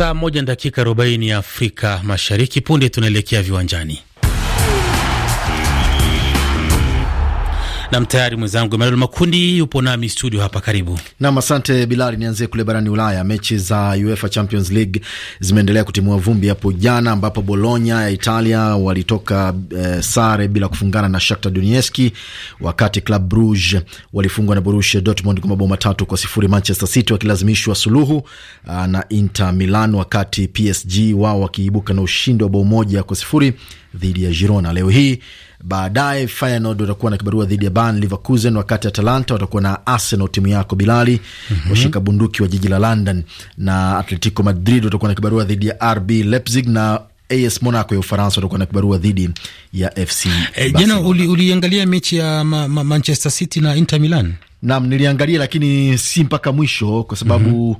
Saa moja na dakika arobaini ya Afrika Mashariki. Punde tunaelekea viwanjani. Nam tayari mwenzangu Emanuel Makundi yupo nami studio hapa, karibu nam. Asante Bilali, nianzie kule barani Ulaya. Mechi za UEFA Champions League zimeendelea kutimua vumbi hapo jana, ambapo Bologna ya Italia walitoka eh, sare bila kufungana na Shakhtar Donetsk, wakati Club Brugge walifungwa na Borussia Dortmund kwa mabao matatu kwa sifuri. Manchester City wakilazimishwa suluhu ah, na Inter Milan, wakati PSG wao wakiibuka na ushindi wa bao moja kwa sifuri dhidi ya Girona. Leo hii Baadaye Feyenoord watakuwa na kibarua dhidi ya Bayer Leverkusen, wakati Atalanta watakuwa na Arsenal, timu yako Bilali, mm -hmm. washika bunduki wa jiji la London, na Atletico Madrid watakuwa na kibarua dhidi ya RB Leipzig na AS Monaco ya Ufaransa watakuwa na kibarua dhidi ya FC. Jana eh, uliangalia mechi ya Manchester City na Inter Milan? Naam, niliangalia lakini si mpaka mwisho kwa sababu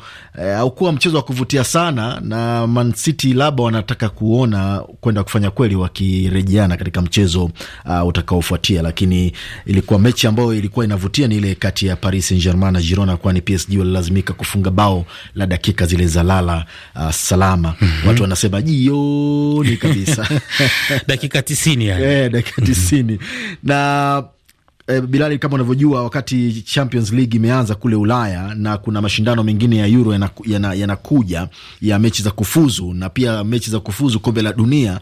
mhm. eh, haukuwa mm -hmm. Eh, mchezo wa kuvutia sana, na Man City labda wanataka kuona kwenda kufanya kweli wakirejeana katika mchezo uh, utakaofuatia, lakini ilikuwa mechi ambayo ilikuwa inavutia ni ile kati ya Paris Saint-Germain na Girona, kwani PSG walilazimika kufunga bao la dakika zile za lala uh, salama mm -hmm. Watu wanasema jioni kabisa dakika tisini yani. Eh, dakika tisini mm -hmm. na Eh, Bilali, kama unavyojua, wakati Champions League imeanza kule Ulaya na kuna mashindano mengine ya Euro yanakuja ya, ya, ya mechi za kufuzu na pia mechi za kufuzu kombe la dunia,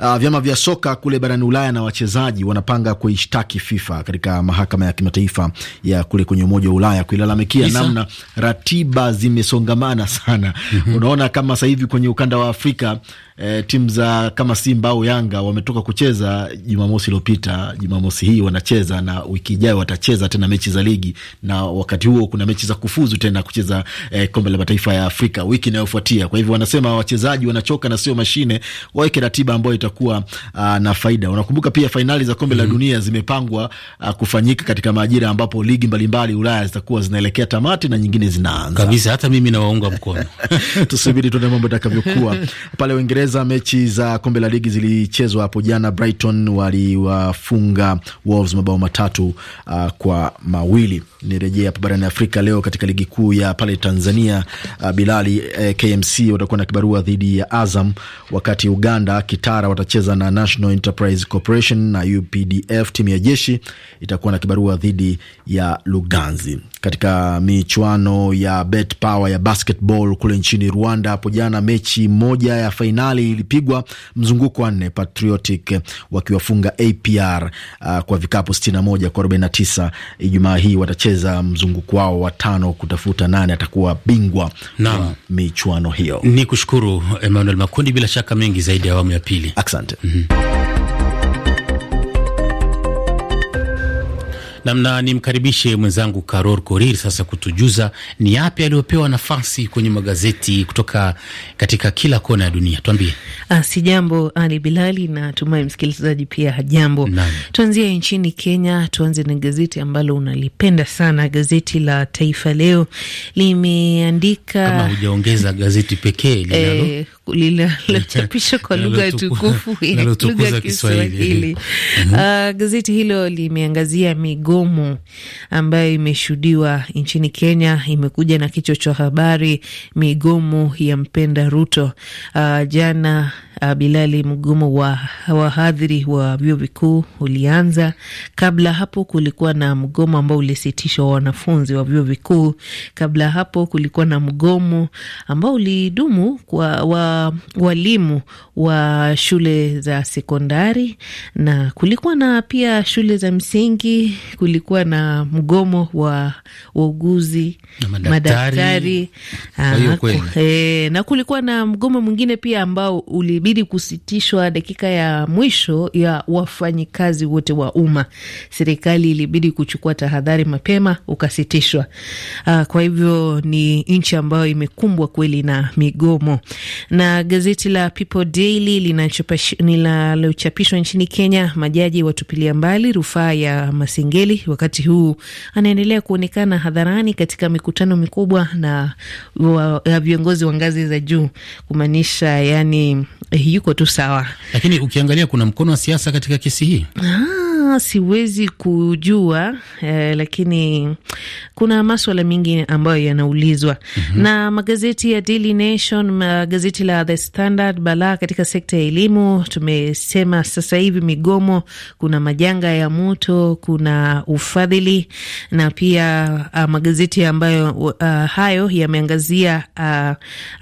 uh, vyama vya soka kule barani Ulaya na wachezaji wanapanga kuishtaki FIFA katika mahakama ya kimataifa ya kule kwenye Umoja wa Ulaya kuilalamikia namna ratiba zimesongamana sana. Unaona, kama sasa hivi kwenye ukanda wa Afrika e, timu za kama Simba au Yanga wametoka kucheza Jumamosi iliyopita. Jumamosi hii wanacheza na wiki ijayo watacheza tena mechi za ligi, na wakati huo kuna mechi za kufuzu tena kucheza eh, kombe la mataifa ya Afrika wiki inayofuatia. Kwa hivyo wanasema wachezaji wanachoka na sio mashine, waweke ratiba ambayo itakuwa a, ah, na faida. Unakumbuka pia fainali za kombe mm -hmm. la mhm. dunia zimepangwa a, ah, kufanyika katika majira ambapo ligi mbalimbali Ulaya zitakuwa zinaelekea tamati na nyingine zinaanza kabisa. Hata mimi nawaunga mkono tusubiri tuone mambo itakavyokuwa pale Uingereza. Uingereza, mechi za kombe la ligi zilichezwa hapo jana. Brighton waliwafunga Wolves mabao matatu uh, kwa mawili. Nirejee hapa barani Afrika leo katika ligi kuu ya pale Tanzania. Uh, Bilali eh, KMC watakuwa na kibarua dhidi ya Azam, wakati Uganda Kitara watacheza na National Enterprise Corporation na UPDF. Timu ya jeshi itakuwa na kibarua dhidi ya Luganzi. Katika michuano ya Bet Power ya basketball kule nchini Rwanda hapo jana mechi moja ya fainali Arsenali ilipigwa mzunguko wa nne, Patriotic wakiwafunga APR uh, kwa vikapu 61 kwa 49. Ijumaa hii watacheza mzunguko wao wa tano kutafuta nane atakuwa bingwa na michuano hiyo. Ni kushukuru Emmanuel Makundi, bila shaka mengi zaidi ya awamu ya pili. Asante. mm -hmm. Namna nimkaribishe mwenzangu Karor Korir sasa kutujuza ni yapi aliyopewa nafasi kwenye magazeti kutoka katika kila kona ya dunia. Tuambie. Ah, si jambo Ali Bilali, na natumai msikilizaji pia hajambo. Tuanzie nchini Kenya, tuanze na gazeti ambalo unalipenda sana, gazeti la Taifa Leo limeandika, kama hujaongeza gazeti pekee eh, linalo linalochapishwa kwa lugha tukufu ya Kiswahili. Ah, gazeti hilo limeangazia migo migomo ambayo imeshuhudiwa nchini Kenya imekuja na kichwa cha habari migomo ya mpenda Ruto. Uh, jana uh, Bilali, mgomo wa wahadhiri wa vyuo vikuu ulianza. Kabla hapo kulikuwa na mgomo ambao ulisitishwa wa wanafunzi wa vyuo vikuu. Kabla hapo kulikuwa na mgomo ambao ulidumu kwa wa, walimu wa shule za sekondari na kulikuwa na pia shule za msingi. Kulikuwa na mgomo wa wauguzi, madaktari, madaktari. Aa, ah, e, eh, na kulikuwa na mgomo mwingine pia ambao uli inabidi kusitishwa dakika ya mwisho ya wafanyikazi wote wa umma. Serikali ilibidi kuchukua tahadhari mapema, ukasitishwa. Aa, ah, kwa hivyo ni nchi ambayo imekumbwa kweli na migomo. Na gazeti la People Daily linalochapishwa nchini Kenya, majaji watupilia mbali rufaa ya Masengeli, wakati huu anaendelea kuonekana hadharani katika mikutano mikubwa na ya viongozi wa ngazi za juu kumaanisha yani Eh, yuko tu sawa, lakini ukiangalia kuna mkono wa siasa katika kesi hii ah siwezi kujua eh, lakini kuna maswala mengi ambayo yanaulizwa mm -hmm. na magazeti ya Daily Nation, gazeti la The Standard. Balaa katika sekta ya elimu, tumesema sasa hivi migomo, kuna majanga ya moto, kuna ufadhili na pia uh, magazeti ambayo uh, hayo yameangazia uh,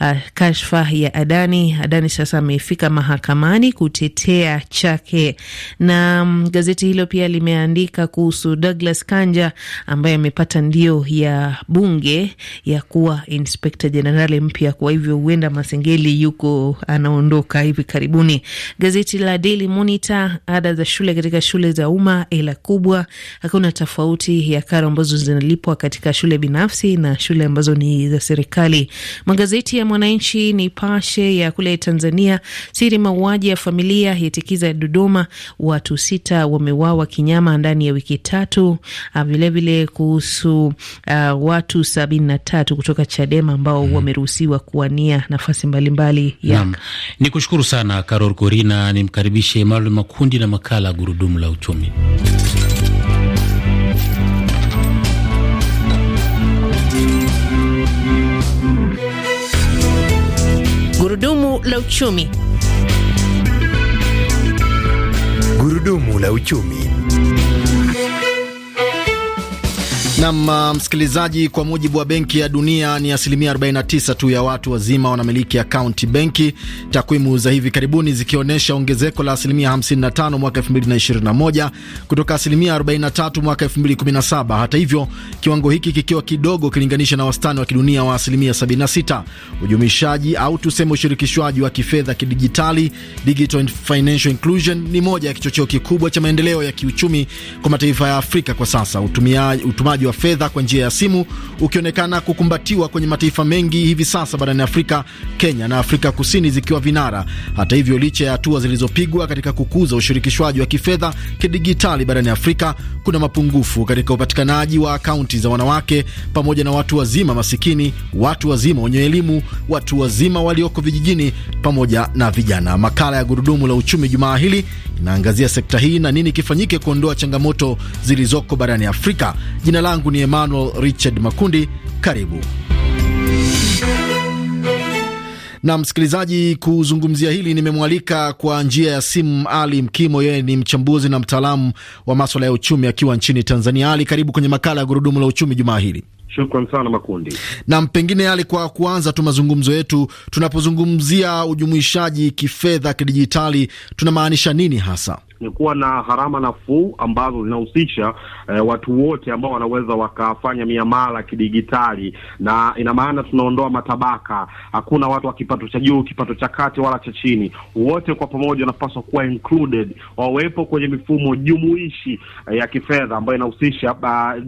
uh, kashfa ya Adani. Adani sasa amefika mahakamani kutetea chake na mm, gazeti hilo pia limeandika kuhusu Douglas Kanja ambaye amepata ndio ya bunge ya kuwa inspekta jenerali mpya. Kwa hivyo huenda Masengeli yuko anaondoka hivi karibuni. Gazeti la Daily Monitor, ada za shule katika shule za umma ila kubwa, hakuna tofauti ya karo ambazo zinalipwa katika shule binafsi na shule ambazo ni za serikali. Magazeti ya Mwananchi, Nipashe ya kule Tanzania, siri mauaji ya familia yatikiza Dodoma, watu sita wame wameuawa kinyama ndani ya wiki tatu. Vilevile ah, kuhusu uh, watu sabini na tatu kutoka Chadema ambao mm, wameruhusiwa kuwania nafasi mbalimbali ya. Ni kushukuru sana Karol Korina, nimkaribishe Emanuel Makundi na makala ya Gurudumu la Uchumi. Gurudumu la Uchumi. Gurudumu la uchumi. Nam uh, msikilizaji, kwa mujibu wa Benki ya Dunia ni asilimia 49 tu ya watu wazima wanamiliki akaunti benki, takwimu za hivi karibuni zikionyesha ongezeko la asilimia 55 mwaka 2021 kutoka asilimia 43 mwaka 2017. Hata hivyo, kiwango hiki kikiwa kidogo kilinganisha na wastani wa kidunia wa asilimia 76. Ujumishaji au tuseme ushirikishwaji wa kifedha kidijitali, digital financial inclusion, ni moja ya kichocheo kikubwa cha maendeleo ya kiuchumi kwa mataifa ya Afrika kwa sasa. Utumiaji, utumaji wa fedha kwa njia ya simu ukionekana kukumbatiwa kwenye mataifa mengi hivi sasa barani Afrika, Kenya na Afrika Kusini zikiwa vinara. Hata hivyo, licha ya hatua zilizopigwa katika kukuza ushirikishwaji wa kifedha kidigitali barani Afrika, kuna mapungufu katika upatikanaji wa akaunti za wanawake pamoja na watu wazima masikini, watu wazima wenye elimu, watu wazima walioko vijijini pamoja na vijana. Makala ya Gurudumu la Uchumi jumaa hili inaangazia sekta hii na nini kifanyike kuondoa changamoto zilizoko barani Afrika. Jina langu langu ni Emmanuel Richard Makundi, karibu na msikilizaji. Kuzungumzia hili nimemwalika kwa njia ya simu Ali Mkimo, yeye ni mchambuzi na mtaalamu wa maswala ya uchumi akiwa nchini Tanzania. Ali, karibu kwenye makala ya gurudumu la uchumi jumaa hili. Shukran sana Makundi. Nam, pengine Ali, kwa kuanza tu mazungumzo yetu, tunapozungumzia ujumuishaji kifedha kidijitali tunamaanisha nini hasa? ni kuwa na gharama nafuu ambazo zinahusisha eh, watu wote ambao wanaweza wakafanya miamala kidigitali, na ina maana tunaondoa matabaka. Hakuna watu wa kipato cha juu, kipato cha kati wala cha chini, wote kwa pamoja wanapaswa kuwa included, wawepo kwenye mifumo jumuishi eh, ya kifedha ambayo inahusisha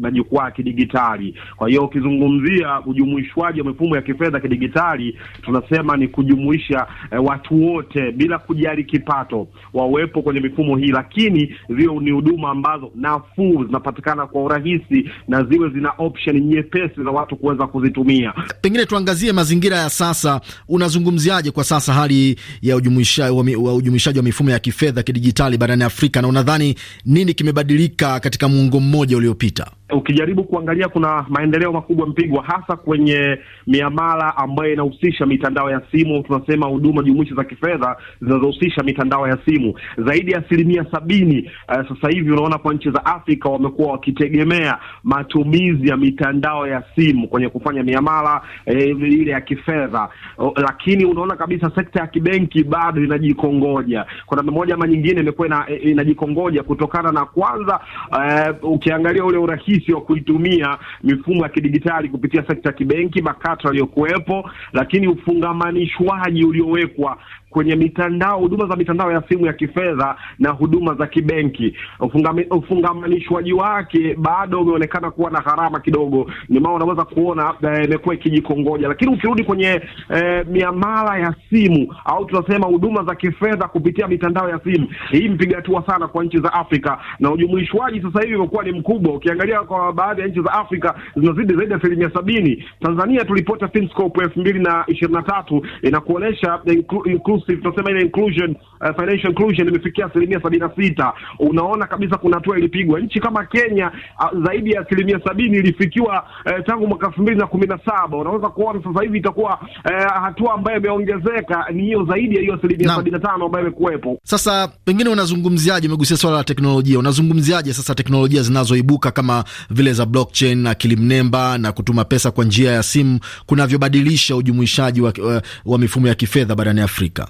majukwaa ya kidigitali. Kwa hiyo ukizungumzia ujumuishwaji wa mifumo ya kifedha kidigitali, tunasema ni kujumuisha eh, watu wote bila kujali kipato, wawepo kwenye mifumo hii, lakini zio ni huduma ambazo nafuu zinapatikana kwa urahisi na ziwe zina option nyepesi za watu kuweza kuzitumia. Pengine tuangazie mazingira ya sasa, unazungumziaje kwa sasa hali ya ujumuishaji wa, ujumuishaji wa mifumo ya kifedha kidijitali barani Afrika, na unadhani nini kimebadilika katika muongo mmoja uliopita? ukijaribu kuangalia kuna maendeleo makubwa mpigwa hasa kwenye miamala ambayo inahusisha mitandao ya simu. Tunasema huduma jumuishi za kifedha zinazohusisha mitandao ya simu zaidi ya asilimia sabini. Uh, sasa hivi unaona kwa nchi za Afrika wamekuwa wakitegemea matumizi ya mitandao ya simu kwenye kufanya miamala eh, ile ya kifedha. Uh, lakini unaona kabisa sekta ya kibenki bado inajikongoja kwa namna moja ama nyingine, imekuwa eh, inajikongoja kutokana na kwanza, uh, ukiangalia ule urahisi urahisi wa kuitumia mifumo ya kidigitali kupitia sekta ya kibenki, makato aliyokuwepo, lakini ufungamanishwaji uliowekwa kwenye mitandao, huduma za mitandao ya simu ya kifedha na huduma za kibenki. Ufungamanishwaji wake bado umeonekana kuwa na gharama kidogo, ni maana unaweza kuona eh, imekuwa ikijikongoja. Lakini ukirudi kwenye e, miamala ya simu au tunasema huduma za kifedha kupitia mitandao ya simu, hii mpiga hatua sana kwa nchi za Afrika, na ujumuishwaji sasa hivi umekuwa ni mkubwa. Ukiangalia kwa baadhi ya nchi za Afrika zinazidi zaidi ya asilimia sabini. Tanzania tulipota FinScope elfu mbili na ishirini na tatu inakuonyesha eh, inclusive, tunasema ile inclusion uh, financial inclusion imefikia asilimia sabini na sita. Unaona kabisa kuna hatua ilipigwa. Nchi kama Kenya uh, zaidi ya asilimia sabini ilifikiwa uh, tangu mwaka elfu mbili na kumi na saba. Unaweza kuona sasa hivi itakuwa uh, hatua ambayo imeongezeka ni hiyo zaidi ya hiyo asilimia sabini na tano ambayo imekuwepo. Sasa pengine unazungumziaje, umegusia swala la teknolojia, unazungumziaje sasa teknolojia zinazoibuka kama vile za blockchain, akili mnemba na kutuma pesa kwa njia ya simu kunavyobadilisha ujumuishaji wa, wa, uh, wa mifumo ya kifedha barani Afrika?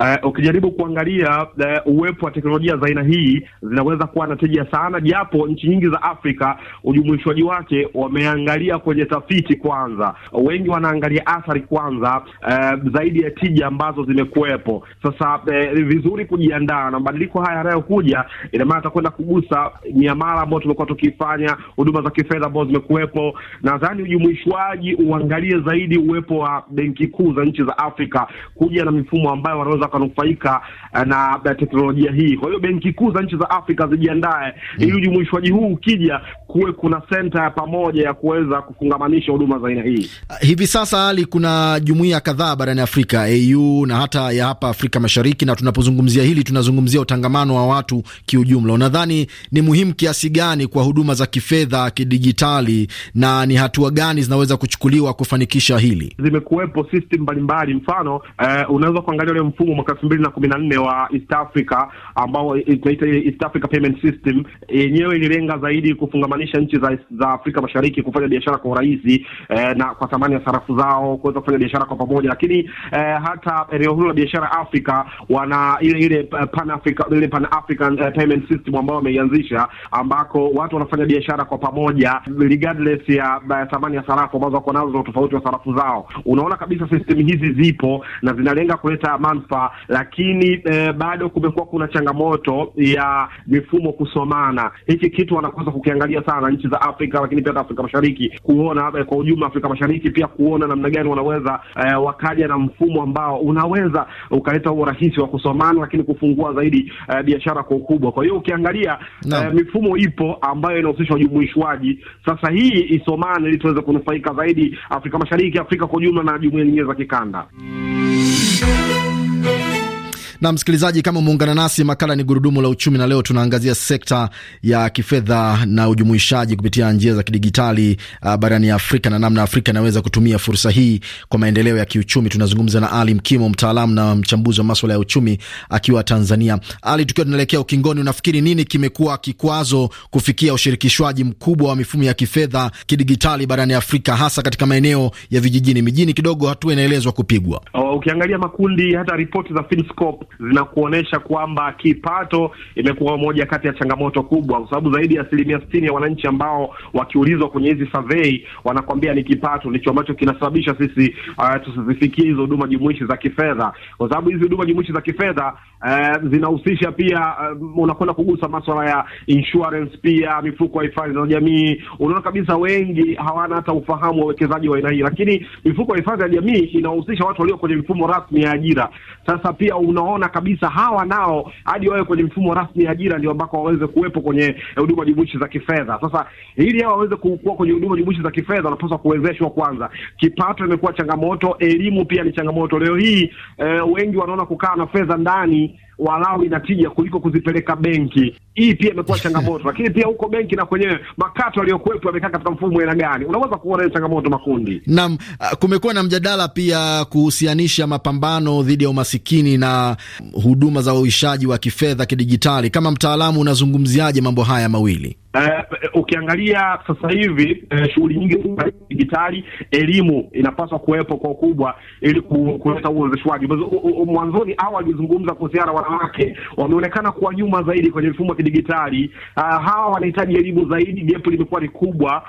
Uh, ukijaribu kuangalia uh, uwepo wa teknolojia za aina hii zinaweza kuwa na tija sana, japo nchi nyingi za Afrika ujumuishwaji wake wameangalia kwenye tafiti kwanza, wengi wanaangalia athari kwanza, uh, zaidi ya tija ambazo zimekuwepo. Sasa uh, vizuri kujiandaa na mabadiliko haya yanayokuja, ina maana atakwenda kugusa miamala ambayo tumekuwa tukifanya, huduma za kifedha ambazo zimekuwepo. Nadhani ujumuishwaji uangalie zaidi uwepo wa benki kuu za nchi za Afrika kuja na mifumo ambayo wanaweza wakanufaika eh, na eh, teknolojia hii. Kwa hiyo benki kuu za nchi za Afrika zijiandae mm, ili ujumuishwaji huu ukija, kuwe kuna senta ya pamoja ya kuweza kufungamanisha huduma za aina hii. Ah, hivi sasa hali kuna jumuiya kadhaa barani Afrika, AU na hata ya hapa Afrika Mashariki, na tunapozungumzia hili tunazungumzia utangamano wa watu kiujumla. Unadhani ni muhimu kiasi gani kwa huduma za kifedha kidijitali, na ni hatua gani zinaweza kuchukuliwa kufanikisha hili? Zimekuwepo system mbalimbali, mfano uh, unaweza kuangalia ule mfumo mwaka elfu mbili na kumi na nne wa East Africa ambao tunaita East Africa Payment System yenyewe ililenga zaidi kufungamanisha nchi za, za Afrika Mashariki kufanya biashara kwa urahisi eh, na kwa thamani ya sarafu zao kuweza kufanya biashara kwa pamoja, lakini eh, hata eneo hilo la biashara Afrika wana ile ile eh, Pan Africa ile Pan African uh, Payment System ambao wameianzisha, ambako watu wanafanya biashara kwa pamoja regardless ya thamani ya sarafu ambazo wako nazo, tofauti wa sarafu zao. Unaona kabisa system hizi zipo na zinalenga kuleta manufaa lakini eh, bado kumekuwa kuna changamoto ya mifumo kusomana. Hiki kitu wanakosa kukiangalia sana nchi za Afrika, lakini pia Afrika Mashariki kuona eh, kwa ujumla Afrika Mashariki pia kuona namna gani wanaweza eh, wakaja na mfumo ambao unaweza ukaleta urahisi wa kusomana, lakini kufungua zaidi eh, biashara kwa ukubwa. Kwa hiyo ukiangalia no. eh, mifumo ipo ambayo inahusisha ujumuishwaji. Sasa hii isomane ili tuweze kunufaika zaidi Afrika Mashariki, Afrika kwa ujumla na jumuiya nyingine za kikanda. Na msikilizaji, kama umeungana nasi, makala ni gurudumu la uchumi, na leo tunaangazia sekta ya kifedha na ujumuishaji kupitia njia za kidigitali uh, barani Afrika na namna Afrika inaweza kutumia fursa hii kwa maendeleo ya kiuchumi. Tunazungumza na Ali Mkimo, mtaalamu na mchambuzi wa maswala ya uchumi akiwa Tanzania. Ali, tukiwa tunaelekea ukingoni, unafikiri nini kimekuwa kikwazo kufikia ushirikishwaji mkubwa wa mifumo ya kifedha kidigitali barani Afrika, hasa katika maeneo ya vijijini? Mijini kidogo hatua inaelezwa kupigwa. Oh, ukiangalia makundi, hata ripoti za FinScope zinakuonyesha kwamba kipato imekuwa moja kati ya changamoto kubwa, kwa sababu zaidi ya asilimia sitini ya wananchi ambao wakiulizwa kwenye hizi survey wanakwambia ni kipato ndicho ambacho kinasababisha sisi uh, tusizifikie hizo huduma jumuishi za kifedha, kwa sababu hizi huduma jumuishi za kifedha uh, zinahusisha pia uh, unakwenda kugusa maswala ya insurance, pia mifuko ya hifadhi za jamii. Unaona kabisa wengi hawana hata ufahamu wa uwekezaji wa aina hii, lakini mifuko ya hifadhi ya jamii inahusisha watu walio kwenye mifumo rasmi ya ajira. Sasa pia unaona wanaona kabisa hawa nao hadi wawe kwenye mfumo rasmi ya ajira ndio ambako waweze kuwepo kwenye eh, huduma jumuishi za kifedha. Sasa ili hao waweze kuwa kwenye huduma jumuishi za kifedha, wanapaswa kuwezeshwa kwanza. Kipato imekuwa changamoto, elimu pia ni changamoto. Leo hii e, wengi wanaona kukaa na fedha ndani walau inatija kuliko kuzipeleka benki. Hii pia imekuwa changamoto, lakini pia huko benki na kwenyewe makato aliyokuwepo yamekaa katika mfumo aina gani? Unaweza kuona hiyo changamoto makundi. Naam, ah, kumekuwa na mjadala pia kuhusianisha mapambano dhidi ya umasikini na huduma za uishaji wa kifedha kidijitali. Kama mtaalamu, unazungumziaje mambo haya mawili? Uh, ukiangalia sasa hivi uh, shughuli nyingi za dijitali, elimu inapaswa kuwepo kwa ukubwa ili kuleta uwezeshwaji. Mwanzoni awali ulizungumza kuhusiana wanawake wameonekana kuwa nyuma zaidi kwenye mifumo ya kidijitali. Uh, hawa wanahitaji elimu zaidi, japo limekuwa ni kubwa.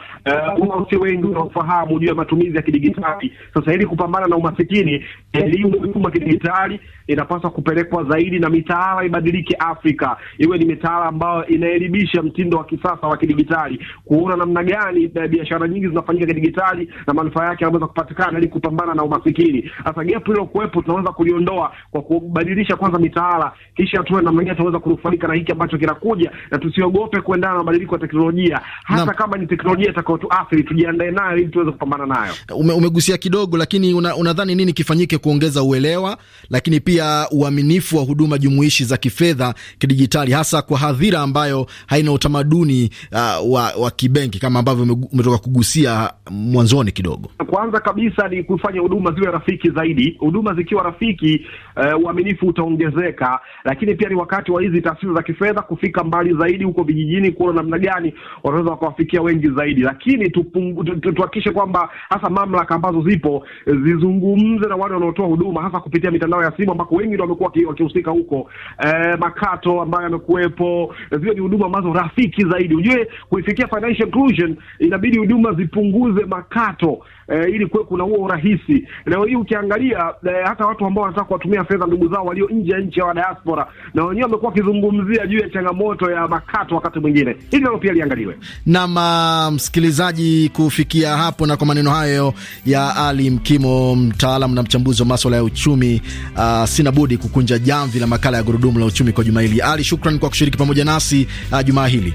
Uh, si wengi wanaofahamu juu ya matumizi ya kidijitali. Sasa ili kupambana na umasikini, elimu mifumo ya kidijitali inapaswa kupelekwa zaidi, na mitaala ibadilike Afrika iwe ni mitaala ambayo inaelimisha mtindo wa kisasa sasa wa kidigitali, kuona namna gani eh, biashara nyingi zinafanyika kidigitali na manufaa yake yanaweza kupatikana ili kupambana na umasikini. Sasa gap kuwepo, tunaweza kuliondoa kwa kubadilisha kwanza mitaala, kisha tuwe namna gani tunaweza kunufaika na hiki ambacho kinakuja, na tusiogope kuendana na mabadiliko ya teknolojia, hata na kama ni teknolojia itakayotuathiri tujiandae nayo ili tuweze kupambana nayo. Ume, umegusia kidogo, lakini unadhani una nini kifanyike kuongeza uelewa, lakini pia uaminifu wa huduma jumuishi za kifedha kidigitali, hasa kwa hadhira ambayo haina utamaduni uh, wa, wa kibenki kama ambavyo umetoka kugusia mwanzoni kidogo? Kwanza kabisa ni kufanya huduma ziwe rafiki zaidi. Huduma zikiwa rafiki Eh, uaminifu uh, utaongezeka, lakini pia ni wakati wa hizi taasisi za kifedha kufika mbali zaidi huko vijijini, kuona namna gani wanaweza wakawafikia wengi zaidi, lakini tuhakikishe kwamba hasa mamlaka ambazo zipo eh, zizungumze na wale wanaotoa huduma hasa kupitia mitandao ya simu ambako wengi ndo wamekuwa wakihusika huko, eh, makato ambayo yamekuwepo, eh, ziwe ni huduma ambazo rafiki zaidi. Ujue kuifikia financial inclusion inabidi huduma zipunguze makato eh, ili kuwe kuna huo urahisi. Leo hii ukiangalia eh, hata watu ambao wanataka kuwatumia fedha ndugu zao walio nje ya nchi ya diaspora, na wenyewe wamekuwa wakizungumzia juu ya changamoto ya makato wakati mwingine. Hili nalo pia liangaliwe. Naam, uh, msikilizaji, kufikia hapo na kwa maneno hayo ya Ali Mkimo, mtaalamu na mchambuzi wa maswala ya uchumi, uh, sina budi kukunja jamvi la makala ya gurudumu la uchumi kwa juma hili. Ali, shukran kwa kushiriki pamoja nasi uh, jumaa hili.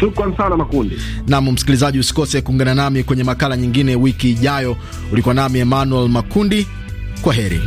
Shukran sana Makundi. Naam, msikilizaji, usikose kuungana nami kwenye makala nyingine wiki ijayo. Ulikuwa nami Emmanuel Makundi, kwa heri.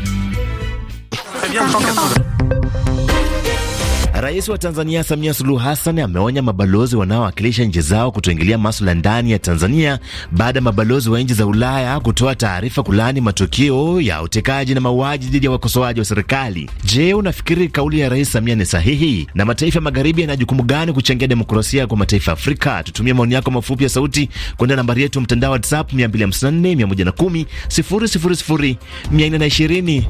Rais wa Tanzania Samia Suluhu Hassan ameonya mabalozi wanaowakilisha nchi zao kutoingilia maswala ndani ya Tanzania baada ya mabalozi wa nchi za Ulaya kutoa taarifa kulaani matukio ya utekaji na mauaji dhidi ya wakosoaji wa serikali. Je, unafikiri kauli ya Rais Samia ni sahihi na mataifa magharibi yana jukumu gani kuchangia demokrasia kwa mataifa ya Afrika? Tutumie maoni yako mafupi ya sauti kwenda nambari yetu mtandao WhatsApp 254 110 000 420.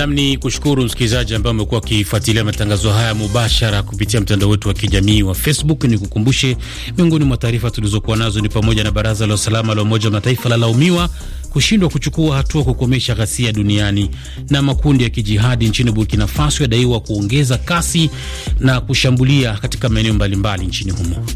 Nam ni kushukuru msikilizaji ambaye amekuwa akifuatilia matangazo haya mubashara kupitia mtandao wetu wa kijamii wa Facebook. Ni kukumbushe miongoni mwa taarifa tulizokuwa nazo ni pamoja na baraza la usalama la Umoja wa Mataifa lalaumiwa kushindwa kuchukua hatua kukomesha ghasia duniani, na makundi ya kijihadi nchini Burkina Faso yadaiwa kuongeza kasi na kushambulia katika maeneo mbalimbali nchini humo.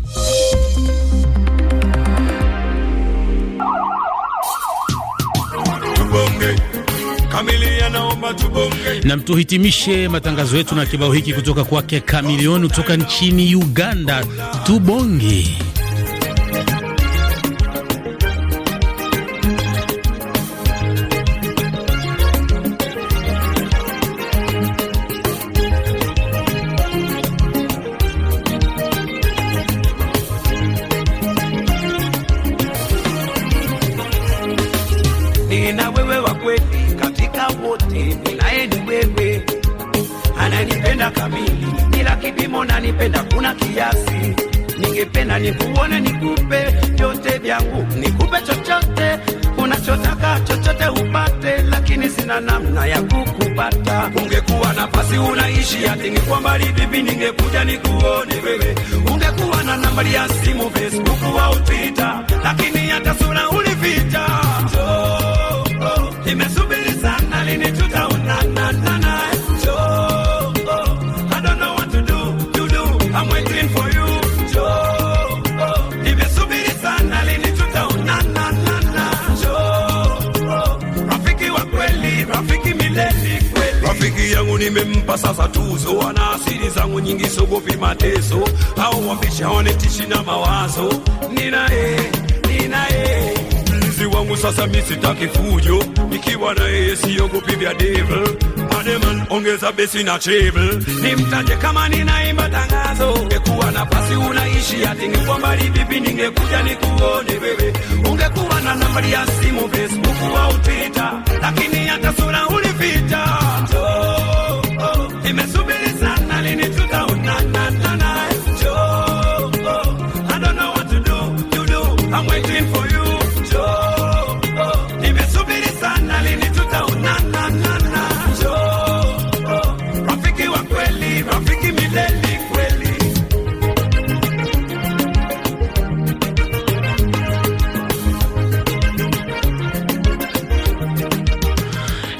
Nam, tuhitimishe matangazo yetu na kibao hiki kutoka kwake Kamilioni kutoka nchini Uganda, tubonge wote naye ni wewe, ananipenda kamili bila kipimo, nanipenda kuna kiasi. Ningependa nikuone, nikupe vyote vyangu, nikupe chochote unachotaka, chochote upate, lakini sina namna ya kukupata. Ungekuwa nafasi unaishi ati ni kwa mbali, bibi, ningekuja nikuone wewe. Ungekuwa na nambari ya simu, Facebook au Twitter, lakini hata sura ulificha. nimempa sasa tuzo, ana asiri zangu nyingi, sogopi mateso au wambisha wanetishi na mawazo, ninaye ninaye mpenzi wangu, sasa mi sitaki fujo, nikiwa na yeye siogopi vya devil. Ademan, ongeza besi na chebel nimtaje kama ninaimba tangazo. Ungekuwa nafasi unaishi ati niko mbali vipi, ningekuja nikuone wewe. Ungekuwa na nambari ya simu, Facebook au Twitter, lakini hata sura ulificha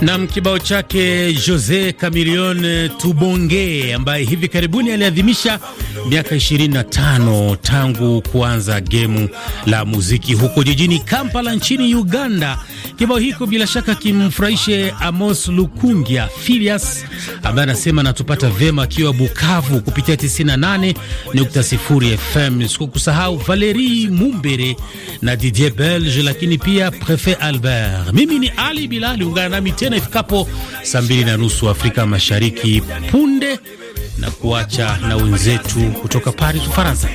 Nam kibao chake Jose Camilion Tubonge ambaye hivi karibuni aliadhimisha miaka 25 tangu kuanza gemu la muziki huko jijini Kampala nchini Uganda. Kibao hiko bila shaka kimfurahishe Amos Lukungia Filias ambaye anasema anatupata vema akiwa Bukavu kupitia 98.0 FM. Sikukusahau Valerie Mumbere na DJ Belge, lakini pia Prefet Albert. Mimi ni Ali Bilali, ungana nami tena tena ifikapo saa mbili na nusu Afrika Mashariki punde, na kuacha na wenzetu kutoka Paris, Ufaransa.